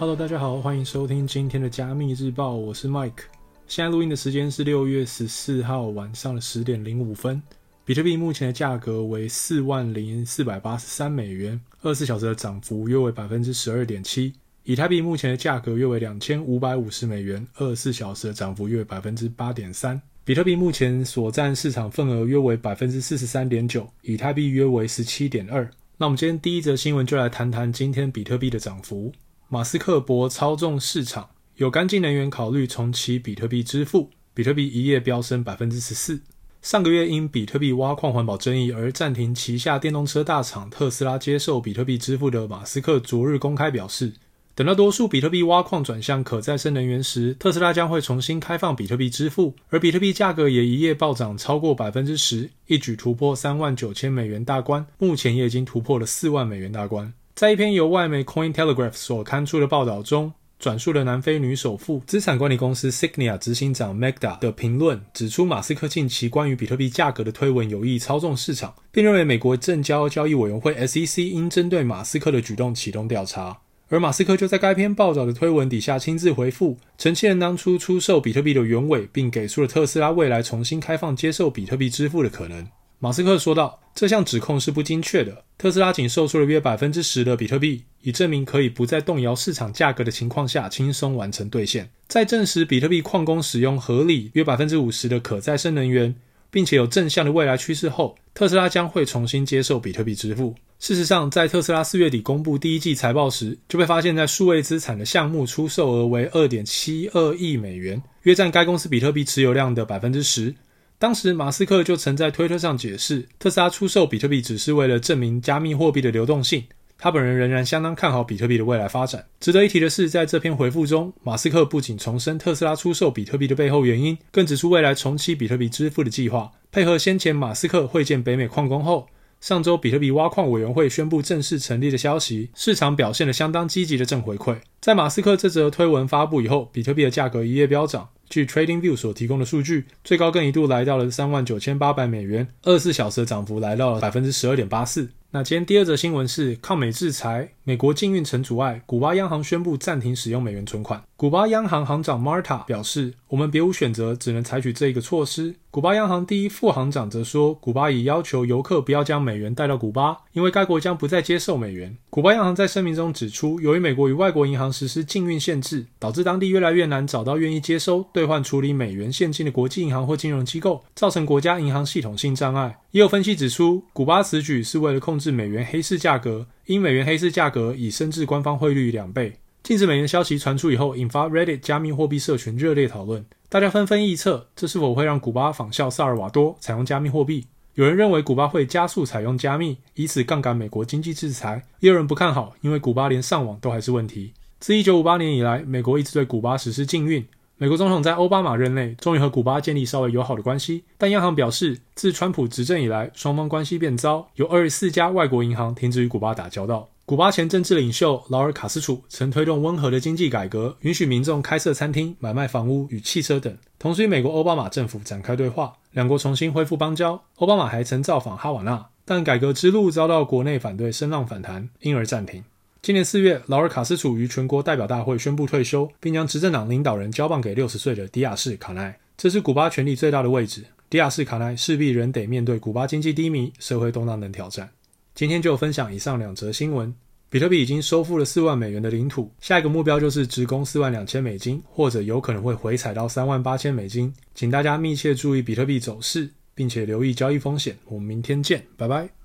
Hello，大家好，歡迎收聽今天的加密日報。我是 Mike。現在錄音的時間是六月十四號晚上的十點零五分。比特幣目前的價格為四萬零四百八十三美元，二十四小時的漲幅約為百分之十二點七。以太幣目前的價格約為兩千五百五十美元，二十四小時的漲幅約為百分之八點三。比特幣目前所占市場份額約為百分之四十三點九，以太幣約為十七點二。那我們今天第一則新聞就來談談今天比特幣的漲幅。馬斯克駁操縱市場，有乾淨能源考慮重啟比特幣支付，比特幣一夜飆升百分之十四。上個月因比特幣挖礦環保爭議而暫停旗下電動車大廠特斯拉接受比特幣支付的馬斯克昨日公開表示，等到多數比特幣挖礦轉向可再生能源時，特斯拉將會重新開放比特幣支付，而比特幣價格也一夜暴漲超過百分之十，一舉突破三萬九千美元大關，目前也已經突破了四萬美元大關。在一篇由外媒 Coin Telegraph 所刊出的報道中，轉述了南非女首富、資產管理公司 Signia 執行長 Magda 的評論，指出馬斯克近期關於比特幣價格的推文有意操縱市場，並認為美國證交交易委員會 SEC 應針對馬斯克的舉動啟動調查。而馬斯克就在該篇報道的推文底下親自回覆，澄清了當初出售比特幣的原委，並給出了特斯拉未來重新開放接受比特幣支付的可能。馬斯克說道：“這項指控是不精確的。特斯拉僅售出了約百分之十的比特幣，以證明可以不再動搖市場價格的情況下輕鬆完成兌現。在證實比特幣礦工使用合理約百分之五十的可再生能源，並且有正向的未來趨勢後，特斯拉將會重新接受比特幣支付。事實上，在特斯拉四月底公布第一季財報時，就被發現在數位資產的項目出售額為二點七二億美元，約占該公司比特幣持有量的百分之十。”當時，馬斯克就曾在推特上解釋，特斯拉出售比特幣只是為了證明加密貨幣的流動性。他本人仍然相當看好比特幣的未來發展。值得一提的是，在這篇回復中，馬斯克不僅重申特斯拉出售比特幣的背後原因，更指出未來重啟比特幣支付的計劃，配合先前馬斯克會見北美礦工後。上週，比特幣挖礦委員會宣佈正式成立的消息，市場表現了相當積極的正回饋。在馬斯克這則推文發布以後，比特幣的價格一夜飆漲。據 Trading View 所提供的數據，最高更一度來到了三萬九千八百美元，二十四小時的漲幅來到了百分之十二點八四。那今天第二則新聞是，抗美制裁，美國禁運成阻礙，古巴央行宣布暫停使用美元存款。古巴央行行長 Marta 表示：“我們別無選擇，只能採取這個措施。”古巴央行第一副行長則說：“古巴已要求遊客不要將美元帶到古巴，因為該國將不再接受美元。”古巴央行在聲明中指出：“由於美國與外國銀行實施禁運限制，導致當地越來越難找到願意接收、兌換、處理美元現金的國際銀行或金融機構，造成國家銀行系統性障礙。”也有分析指出，古巴此舉是為了控制美元黑市價格，因美元黑市價格已升至官方匯率兩倍。禁止美元消息傳出以後，引發 Reddit 加密貨幣社群熱烈討論，大家紛紛臆測這是否會讓古巴仿效薩爾瓦多採用加密貨幣。有人認為古巴會加速採用加密，以此槓桿美國經濟制裁；也有人不看好，因為古巴連上網都還是問題。自一九五八年以來，美國一直對古巴實施禁運。美國總統在歐巴馬任內終於和古巴建立稍微友好的關係，但央行表示，自川普執政以來，雙方關係變糟，有二十四家外國銀行停止與古巴打交道。古巴前政治領袖勞爾·卡斯楚曾推動溫和的經濟改革，允許民眾開設餐廳、買賣房屋與汽車等，同時與美國奧巴馬政府展開對話，兩國重新恢復邦交。奧巴馬還曾造訪哈瓦那，但改革之路遭到國內反對聲浪反彈，因而暫停。今年四月，勞爾·卡斯楚於全國代表大會宣布退休，並將執政黨領導人交棒給六十歲的迪亞士卡奈，這是古巴權力最大的位置。迪亞士卡奈勢必仍得面對古巴經濟低迷、社會動盪等挑戰。今天就分享以上兩則新聞。比特幣已經收復了四萬美元的領土，下一個目標就是直攻四萬兩千美金，或者有可能會回踩到三萬八千美金。請大家密切注意比特幣走勢，並且留意交易風險。我們明天見，拜拜。